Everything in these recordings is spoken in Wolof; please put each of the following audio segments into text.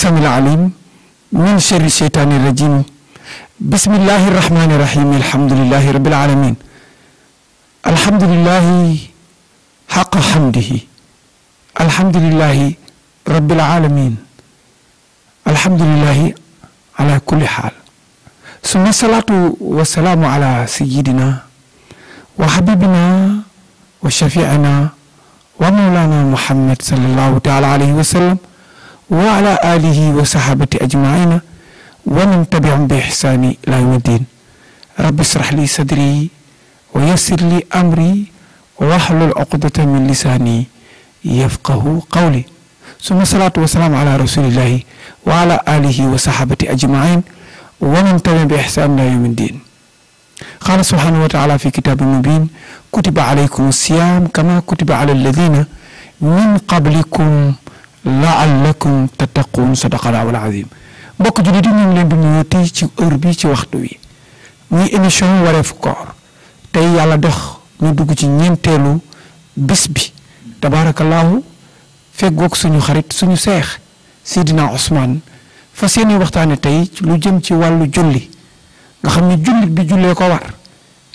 السميع العليم من شر الشيطان الرجيم بسم الله الرحمن الرحيم الحمد لله رب العالمين الحمد لله حق حمده الحمد لله رب العالمين الحمد لله على كل حال ثم الصلاة والسلام على سيدنا وحبيبنا وشفيعنا ومولانا محمد صلى الله تعالى عليه وسلم وعلى آله وصحابته أجمعين ومن تبعهم بإحسان إلى يوم الدين رب اشرح لي صدري ويسر لي أمري واحلل عقدة من لساني يفقه قولي ثم الصلاة والسلام على رسول الله وعلى آله وصحابته أجمعين ومن تبعهم بإحسان إلى يوم الدين قال سبحانه وتعالى في كتاب مبين كتب عليكم الصيام كما كتب على الذين من قبلكم laallakum tattaquun sadaqallahu al-aziim mbokk jullit yi ñu ngi leen di nuyu tey ci heure bi ci waxtu wi muy émission wareefu koor tey yàlla dox ñu dugg ci ñeenteelu bés bi tabaarakallaahu fegook suñu xarit suñu seex Sidina Ousmane fas yéene waxtaane tey lu jëm ci wàllu julli nga xam ni jullit bi jullee ko war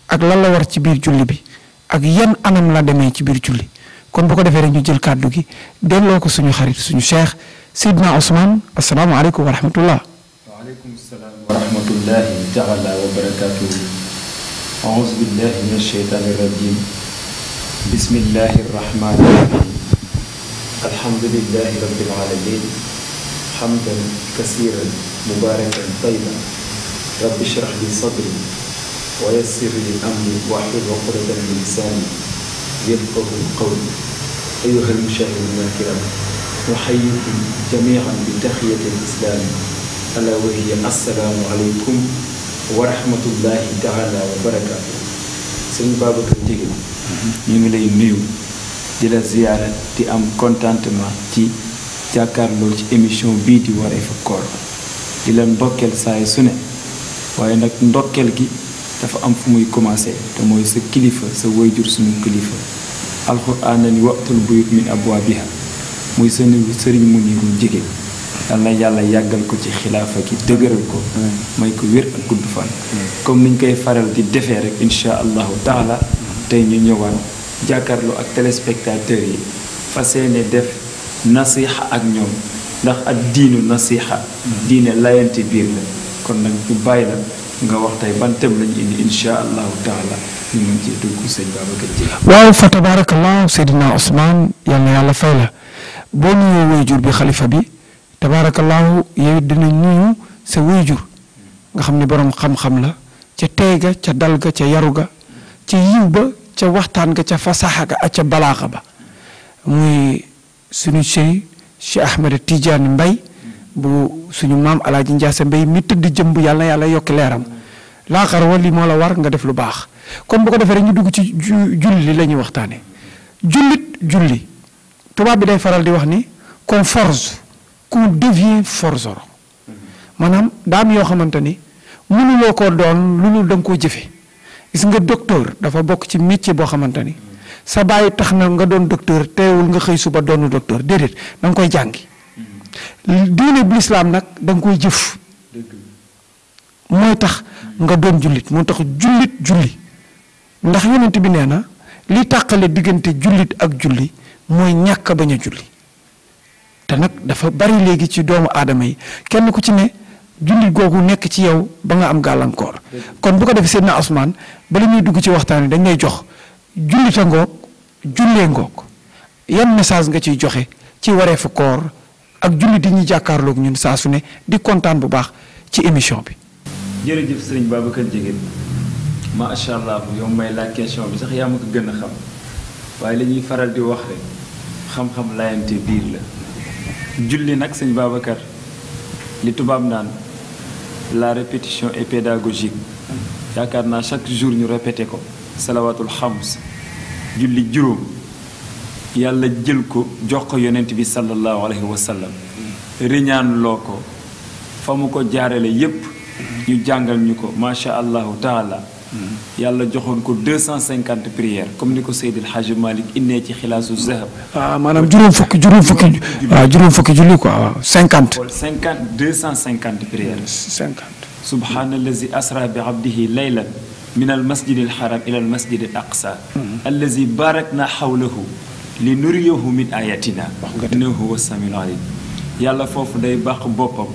ak lan la war ci biir julli bi ak yan anam la demee ci biir julli kon bu ko defé rek ñu jël kàddu gi dello ko suñu xarit suñu cheikh sidna assalamu alaykum wa rahmatullah waaleykum salaam wa rahmatullahi taala wa barakatuhu aouzu billahi min alcheytaani rajim alhamdulillahi rabbil alamin hamdan mubarakan tayyiban rabbi shrah li sadri يفقه القول أيها المشاهدون الكرام أحييكم جميعا بتحية الإسلام ألا وهي السلام عليكم ورحمة الله تعالى وبركاته سن بابا كنتيكم نيولي نيو دي زيارة تي أم كونتانت ما تي جاكار لوج إميشون بي دي واري فكور دي لن بوكل ساي سنة وينك ندوكل جي dafa am fu muy commencé te mooy sa kilifa sa wayjur suñu kilifa alxuraan na ni waxtul buyut min abwaabiha muy seen sëriñ mu niiru jege yal na yàlla yàggal ko ci xilaafa gi dëgëral ko may ko wér ak gudd fan comme niñ koy faral di defee rek insha allahu taala tey ñu ñëwaan jàkkaarloo ak téléspectateurs yi fas def nasiha ak ñoom ndax ak diinu nasiixa diine layante biir la kon nag ñu bàyyi nga wax tey ban waaw fa tabaarakallahu Seydina Ousmane yal yàlla fay la boo nuyoo wayjur bi xalifa bi tabaarakallahu yow dina nuyu sa wayjur nga xam ni boroom xam-xam la ca tey ga ca dal ga ca yaru ga ca yiw ba ca waxtaan ga ca fasaxa ga ak ca balaaxa ba muy sunu sëriñ Cheikh Ahmed Tidiane Mbaye. bu suñu mam ala ndiasse mbey mi tëdd jëmb yalla yalla yok leeram la xar wali mo la war nga def lu bax kon bu ko defee rek ñu dugg ci julli lañu waxtane julit julli tuba bi day faral di wax ni qu'on force qu'on devient forceur manam daam yo xamanteni ni mënuloo koo doon lu lu da gis nga docteur dafa bok ci métier bo xamanteni ni sa bàyyi taxna nga doon docteur teewul nga xëy suba doonu docteur dedet dang koy jangii diine bu lislaam nag da nga koy jëf mooy tax nga doon jullit moo tax jullit julli ndax yonent bi nee na li tàqale diggante jullit ak julli mooy ñàkk bañ a julli te nag dafa bari léegi ci doomu aadama yi kenn ku ci ne jullit googu nekk ci yow ba nga am gàllankoor kon bu ko def seen na Usmaan bala ñuy dugg ci waxtaan wi dañ lay jox jullita ngoog jullee ngoog yan message nga ciy joxe ci wareefu koor ak julli di ñuy jàkkaarloog ñun saa su ne di kontaan bu baax ci émission bi. jërëjëf sëriñ Babacar jigéen macha allah yow may laaj question bi sax yaa ma ko gën a xam waaye li ñuy faral di wax rek xam-xam laayante biir la. julli nag sëñ Babacar li tubaab naan la répétition est pédagogique yaakaar naa chaque jour ñu répété ko salawatul xams julli juróom. yàlla jël ko jox ko yonent bi sallallahu alayhi wa sallam riñaan loo ko fa mu ko jaarale yépp ñu jàngal ñu ko macha allahu taala yàlla joxoon ko 250 prières comme ni ko Seydil Hadj Malick innee ci xilaasu zahab. ah maanaam juróom fukki juróom fukki. waaw juróom fukki julli quoi waaw 50. wala 50 250 prières. 50. subhaanallazi asra bi abdihi laylan min al masjid al haram ila al masjid al aqsa. allazi barakna xawlahu. li nuriyahu min ayatina innahu huwa samiul alim yàlla foofu day bàq boppam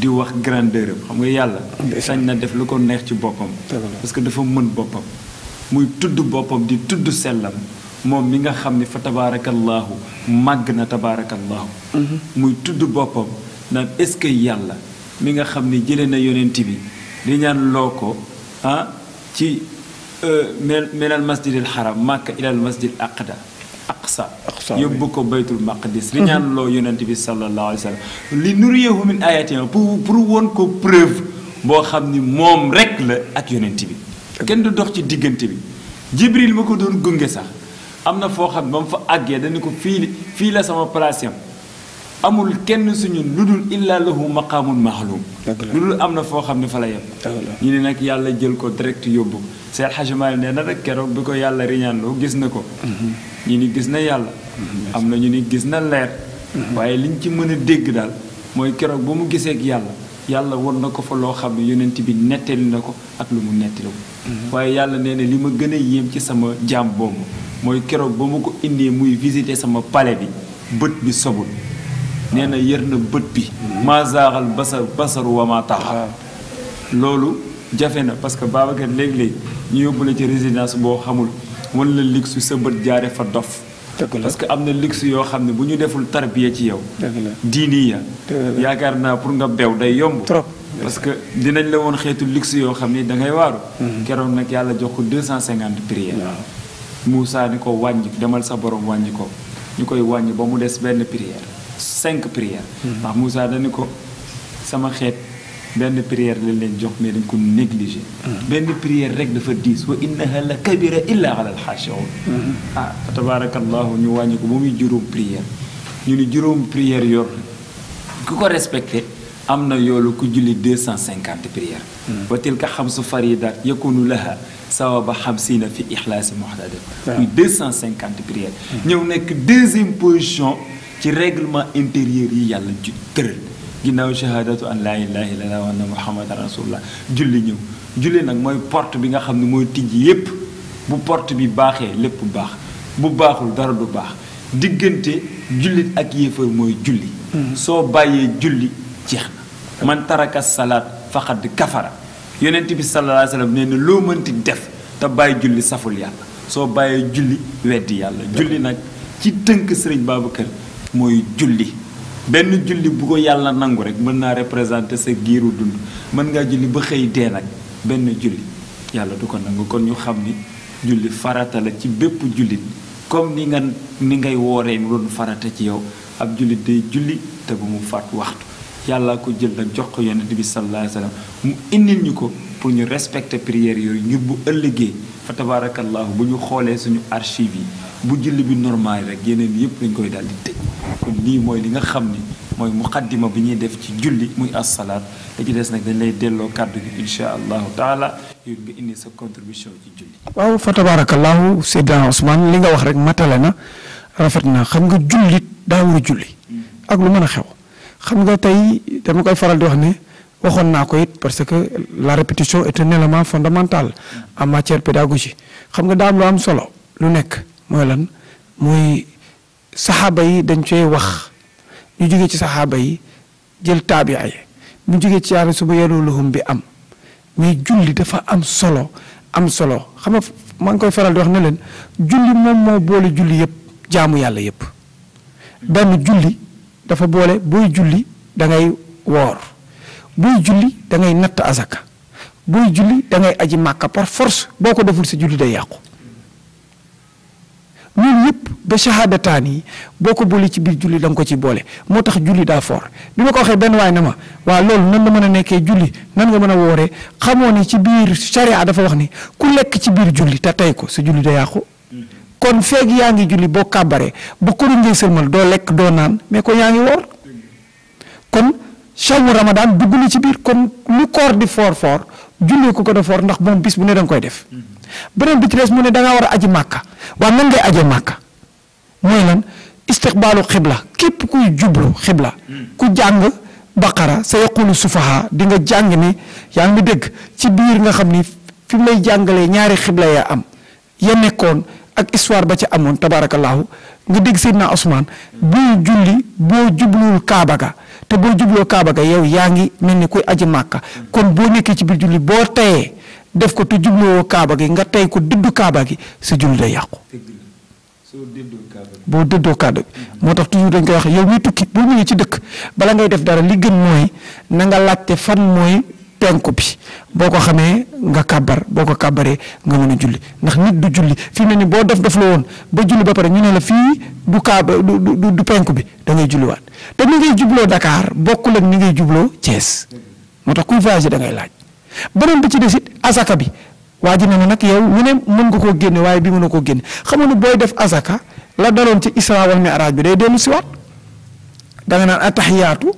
di wax grandeur am xam nga yàlla sañ na def lu ko neex ci boppam parce que dafa mën boppam muy tudd boppam di tudd sellam moom mi nga xam ne fa tabaarakallaahu màgg na tabaarakallaahu mhm. muy tudd boppam naan est-ce que yàlla mi nga xam ni jële na yonent bi di ñaan loo ko ah, ci euh, minal masjidil xaram màkka ilal masjid aqda اقصى اقصى يبكو بيت المقدس لي نان لو يونت بي صلى الله عليه وسلم لي نوريه من ايات بو كو بريف بو خامني موم ريك لا اك يونت بي كين دو دوخ سي ديغنت بي جبريل مكو دون غونغي صاح امنا فو خام بام فا اغي دانيكو في في سما بلاسيام امول كين سونو لودول الا له مقام معلوم لودول امنا فو خامني فلا يم ني ناك يالا جيل كو ديريكت يوبو سي الحاج مال نانا رك كرو بكو يالا ريان لو غيس ñu ni gis na yàlla am na ñu ni gis na leer waaye liñ ci mën a dégg daal mooy keroog ba mu gisee ak yàlla yàlla won na ko fa loo xam ne yonent bi nettali na ko ak lu mu nettaliwu mhm. waaye yàlla nee na li ma gën a yéem ci sama jaam boobu mooy keroog ba mu ko indee muy visiter sama palais bi bët bi sobul nee na yër na bët bi mhm. maa zaaxal basar basaru wa maa taxal loolu jafe na parce que Babacar léegi ñu yóbbu la ci résidence boo xamul wan la ligg sa bët jaare fa dof parce que am na luxe yoo xam ne bu ñu deful tarbiya ci yow diini ya yaakaar naa pour nga beew day yomb trop parce que dinañ la woon xeetu luxe yoo xam ne da ngay waaru mm-hmm. keroog nag yàlla jox ko deux cent cinquante prières Moussa ni ko wàññi demal sa borom wàññi ko ñu koy wàññi ba mu des benn prière cinq prières mm-hmm. ndax Moussa dani ko sama xeet benn prière lañ leen jox mais dañ ko négligé. benn prière rek dafa diis wa innaha la kabira illa ala alxaashiun ah fa tabaarakallahu ñu wàññi ko ba muy juróom prière ñu ni juróom prière yor ku ko respecté am na yoolu ku julli deux cent cinquante prière wa tilka xamsu faridat yakunu laha sawaba xamsina fi ixlaasi muxtadar muy deux cent cinquante prière ñëw nekk deuxième position ci règlement intérieur yi yàlla ju tëral ginnaaw shahadatu an laa ilaha illallah wa anna muhammadan rasulullah julli ñëw julli nag mooy port bi nga xam ne mooy tijj yépp bu port bi baaxee lépp baax bu baaxul dara du baax diggante jullit ak yéefar mooy julli hmm. soo bàyyee julli jeex na man taraka salaat faqad kafara yonent bi sallallahu alayhi wa sallam nee na loo mënti def te bàyyi julli saful yàlla soo bàyyee julli weddi yàlla julli nag ci tënk sëriñ Babacar mooy julli benn julli bu ko yàlla nangu rek mën naa représenter sa giiru dund mën ngaa julli ba xëy dee nag benn julli yàlla du ko nangu kon ñu xam ni julli farata la ci bépp jullit comme ni nga ni ngay wooree mu doon farata ci yow ab jullit day julli te bu mu fàtt waxtu yàlla ko jël nag jox ko yonent bi sallallahu alayhi mu indil ñu ko pour ñu respecter prière yooyu ngir bu ëllëgee fa tabaarakallaahu bu ñu xoolee suñu archive yi bu julli bi normal rek yeneen yëpp dañ koy daal di tëj kon lii mooy li nga xam ni mooy muqaddima bi ñuy def ci julli muy assalaat da ci des nag dañ lay delloo kàddu gi insha allahu taala yow nga indi sa contribution ci julli. waaw fa tabarakallahu Seydina Ousmane li nga wax rek matale na rafet na xam nga jullit daa war a julli. Hmm. ak lu mën a xew xam nga tey dama koy faral di wax ne. waxoon naa ko it parce que la répétition est un élément fondamental en matière xam nga daam lu am solo lu nekk mooy lan muy sahaba yi dañ cee wax ñu jóge ci sahaba yi jël taabia yi ñu jóge ci suba bi am mais julli dafa am solo am solo xam nga maa ngi koy faral di wax ne leen julli moom moo boole julli yépp jaamu yàlla yépp benn julli dafa boole booy julli da ngay woor booy julli da ngay natt azaka booy julli da ngay aji màkka par force boo ko deful sa julli day yàqu loolu yëpp ba shahadataan yi boo ko boole ci biir julli da nga ko ci boole moo tax julli daa foor bi ma ko waxee benn waay na ma waaw loolu nan la mën a nekkee julli nan nga mën a wooree xamoo ni ci biir charia dafa wax ni ku lekk ci biir julli te tey ko sa julli da yàqu kon feeg yaa ngi julli boo kàbbaree bu ko ngay sëlmal doo lekk doo naan mais ko yaa ngi woor kon chawu ramadan dugg ni ci bir kon lu koor di foor Juli julli ko ko de foor ndax moom bis bu ne dang koy def benen bi ci des mu ne da nga wara aji makka wa nan ngay aji makka moy lan istiqbalu qibla kep kuy jublu qibla ku jang baqara sa yaqulu sufaha di nga jang ni ya ngi deg ci bir nga xamni fi mu lay ñaari qibla ya am ya nekkon ak histoire ba ci amone tabarakallahu nga deg sidna usman bu julli bo jublu kaaba ga te boo jubloo Kaaba ga yow yaa ngi mel ni koy aji màkka kon boo nekkee ci biir julli boo tayee def ko te jubloo Kaaba gi nga tey ko dëddu Kaaba gi sa julli day yàqu. boo dëddoo Kaaba bi moo tax toujours dañ koy wax yow muy tukki boo ñëwee ci dëkk bala ngay def dara li gën mooy na laajte fan mooy. penku bi boo ko xamee nga kàbbar boo ko kàbbaree nga mën a julli ndax nit du julli fii mu ne ni boo def def la woon ba julli ba pare ñu ne la fii du kàbba du du du penku bi da ngay julliwaat te ni ngay jubloo Dakar bokk ak ni ngay jubloo cees moo tax kuy voyagé da ngay laaj beneen bi ci des it bi waa ji ne na yow ñu ne mën nga koo génne waaye bi mën na koo génne xam nga booy def asaka la daloon ci isra wal mi'raj bi day dellu siwaat da nga naan atahiyaatu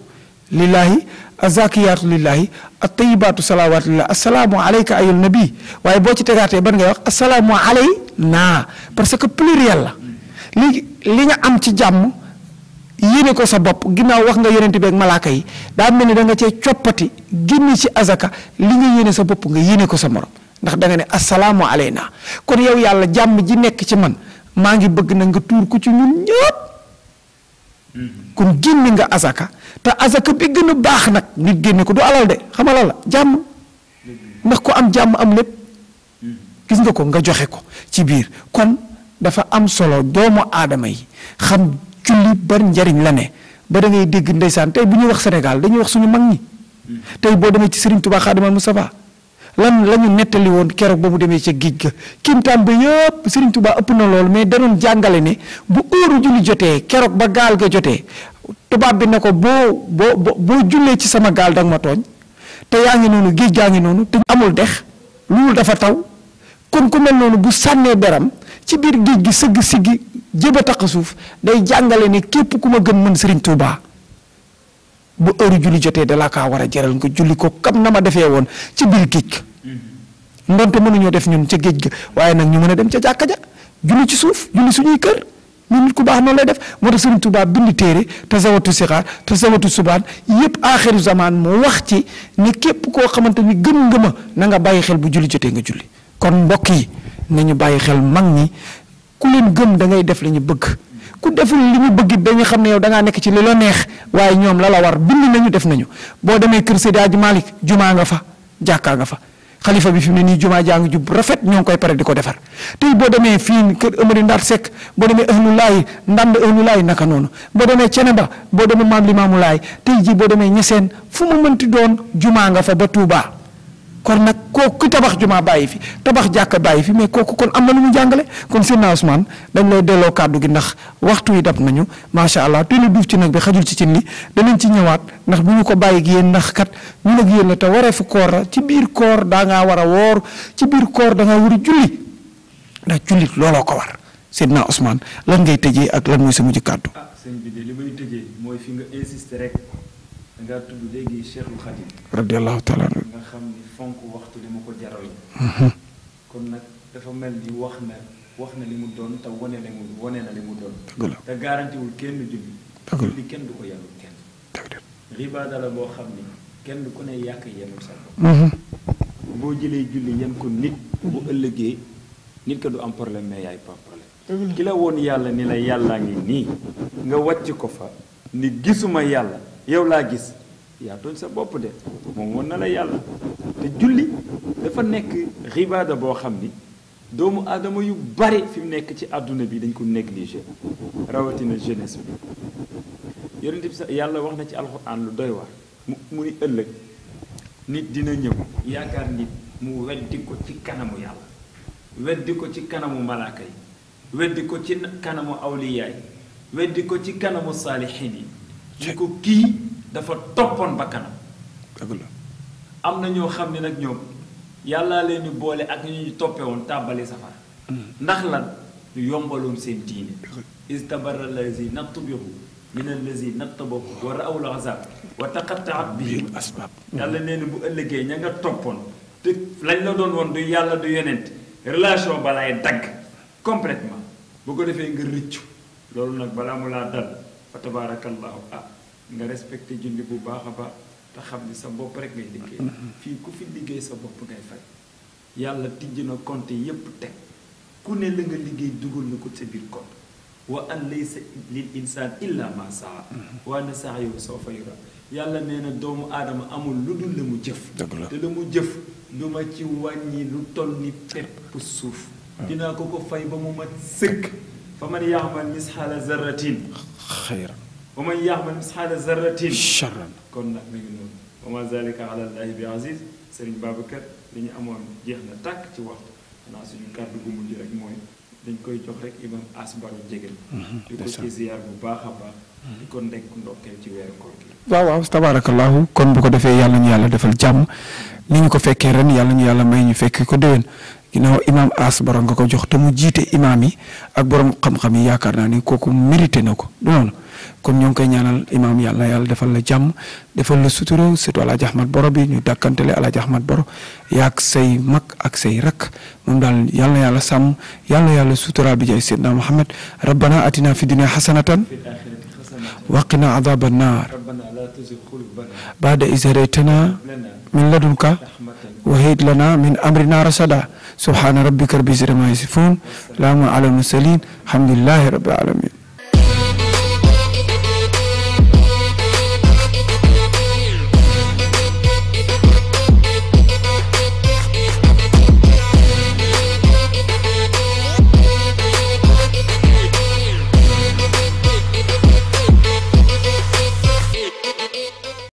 lillahi azakiyatu lillahi at-tayyibatu salawatu lillahi assalamu alayka ayul nabi waaye bo ci tegaté ban ngay wax assalamu na parce que pluriel la li li nga am ci jamm yene ko sa bop ginaaw wax nga yonenti bi ak yi da melni da nga ci ciopati ci azaka li nga yene sa bop nga yene ko sa morom ndax da nga ne assalamu alayna kon yow yalla jamm ji nek ci man ma ngi bëgg na nga tour ku ci ñun ñepp kon génne nga asaka te asaka bi gën a baax nag nit génne ko du alal de xamalal la jàmm ndax ko am jàmm am lépp gis nga ko nga joxe ko ci biir kon dafa am solo doomu aadama yi xam julli bari njariñ la ne ba da ngay dégg ndeysaan tey bu ñuy wax Sénégal dañuy wax suñu mag ñi tey boo demee ci Serigne Touba Xaadimal Mustafa lan la ñu nettali woon keroog ba mu demee ca géej ga kimtaan ba yëpp Sëriñ Tuubaa ëpp na loolu mais danoon jàngale ne bu óoru julli jotee keroog ba gaal ga jotee tubaab bi ne ko boo boo boo jullee ci sama gaal danga ma tooñ te yaa ngi noonu géej gaa ngi noonu te amul dex loolu dafa taw kon ku mel noonu bu sànnee beram ci biir géej gi sëgg siggi jéb a taq suuf day jàngale ne képp ku ma gën mën Sëriñ Tuubaa bu heure julli jotee da laa war a jaral nga julli ko kam na ma defee woon ci biir géej mm-hmm. ndonte mënuñoo def ñun ca géej ga waaye nag ñu mën a dem ca jàkka ja julli ci suuf julli suñuy kër ñun nit ku baax noonu lay def moo tax Sëriñ Tuubaa bind téere te zawatu sixaar te zawatu subaan yëpp aaxiru zamaan moo wax ci ni képp koo xamante ni gëm ngëma na nga bàyyi xel bu julli jotee nga julli kon mbokk yi nañu bàyyi xel mag ñi ku leen gëm da ngay def li ñu bëgg ku deful li ñu bëgg dañu xam ne yow da nekk ci li la neex waaye ñoom la la war bind nañu def nañu boo demee kër Seydi Hadji Malick jumaa nga fa jàkkaa nga fa xalifa bi fi ne nii jumaa jaa ngi jub rafet ñoo ngi koy pare di ko defar tey boo demee fii kër Amari Ndaat Seck boo demee Ahnulaay ndand Ahnulaay naka noonu boo demee Ceneba boo demee Maam Limaamu Laay tey jii boo demee Ñeseen fu mu mënti doon jumaa nga fa ba Tuubaa kon nak koku tabax juma bàyyi fi tabax jakka bàyyi fi mais koku kon amna na lu mu kon seen naa Ousmane dañ lay delloo kaddu gi ndax waxtu yi dab nañu ma sha allah teel a duuf ci nak bi xajul ci cin dañ danañ ci ñëwaat ndax buñu ko bàyyi gi ndax kat ñu la yéen la waré fu koor ci biir koor da nga wara wor ci biir koor da nga wuri julli da jullit lolo ko war seen naa Ousmane lan ngay tëjee ak lan moy sa mujj kaddu ah sëñ bi de limay may moy fi nga insister rek nga tuddu léegi Cheikhul Khadim. radiyallahu taala nga xam kon nag dafa mel ni wax na wax na li mu doon te wone na mu wone na li mu doon. dëgg te garantiwul kenn julli. julli kenn du ko yàlla kenn. dëgg la boo xam ni kenn ku ne yàq yenul sa mm-hmm. boo jëlee julli yan ko nit bu ëllëgee nit ko du am problème mais yaay problème. ki la woon yàlla ni la yàllaa ngi nii nga wàcc ko fa ni gisuma yàlla yow laa gis. yaa tooñ sa bopp de moom woon na la yàlla te julli dafa nekk ribaada boo xam ni doomu aadama yu bari fi mu nekk ci àdduna bi dañ ko négligé rawatina jeunesse bi yonent sa yàlla wax na ci alxuraan lu doy war mu mu ni ëllëg nit dina ñëw yaakaar nit mu weddi ko ci kanamu yàlla weddi ko ci kanamu malaaka yi weddi ko ci kanamu awliyaa yi weddi ko ci kanamu saalixiin yi ñu ko kii dafa toppoon bakkanam am na ñoo xam ne nag ñoom yàllaa leen di boole ak ñu ñu toppee woon tàbbali safara hmm. ndax lan ñu yombaloon seen diine istabara lazi nattubihu min allazi nattabahu wa raaw l azab wa taqattaat bihim asbab yàlla nee na bu ëllëgee ña nga toppoon te lañ la doon woon du yàlla du yonent relation balaay dagg complètement bu ko defee ngir rëccu loolu nag balaa mu laa dal fa tabaarakallahu ah nga respecté julli bu baax ba baax te xam ni sa bopp rek ngay liggéey fii ku fi liggéey sa bopp ngay fay yàlla tijj na compte yépp teg ku ne la nga liggéey dugal na ko sa biir compte wa an laysa lil insaan illa ma saa wa na anna sa'yahu sawfa yura yàlla nee na doomu aadama amul lu dul la mu jëf te la mu jëf lu ma ci wàññi lu toll ni pepp suuf dinaa ko ko fay ba mu ma sëkk fa man ya'mal misxaala zarratin xayra ومن يعمل مثقال ذرة شرا كن نك مجنون وما ذلك على الله بعزيز سيرن بابكر لي امون جيخنا تاك تي وقت انا سيني كارد غوم دي رك موي دنج كوي جوخ رك امام اسبارو جيغل ديكو زيار بو باخا با كون ديك نوكل تي وير كور واو تبارك الله كون بوكو دافي يالا ني يالا دافال جام ني نكو فكي رن يالا ني يالا ماي ني فكي كو دوين ginnaaw imaam As Barang nga ko jox te mu jiite imaam yi ak borom xam-xam yi yaakaar naa ni kooku mérité na ko du noonu kon ñoo ngi koy ñaanal imaam yàlla yàlla defal la jàmm defal la sutura surtout Alaaji Ahmad Boro bi ñu dàkkantele Alaaji Ahmad Boro yaag say mag ak say rakk moom daal yàlla yàlla sàmm yàlla yàlla sutura bi jaay Seydina Muhammad rabbana atina fi dunya hasanatan waqina adaba annaar baada is hadaytana min ladunka wa hayyi lana min amrina rashada سبحان ربك رب العزة عما يصفون سلام على المرسلين الحمد لله رب العالمين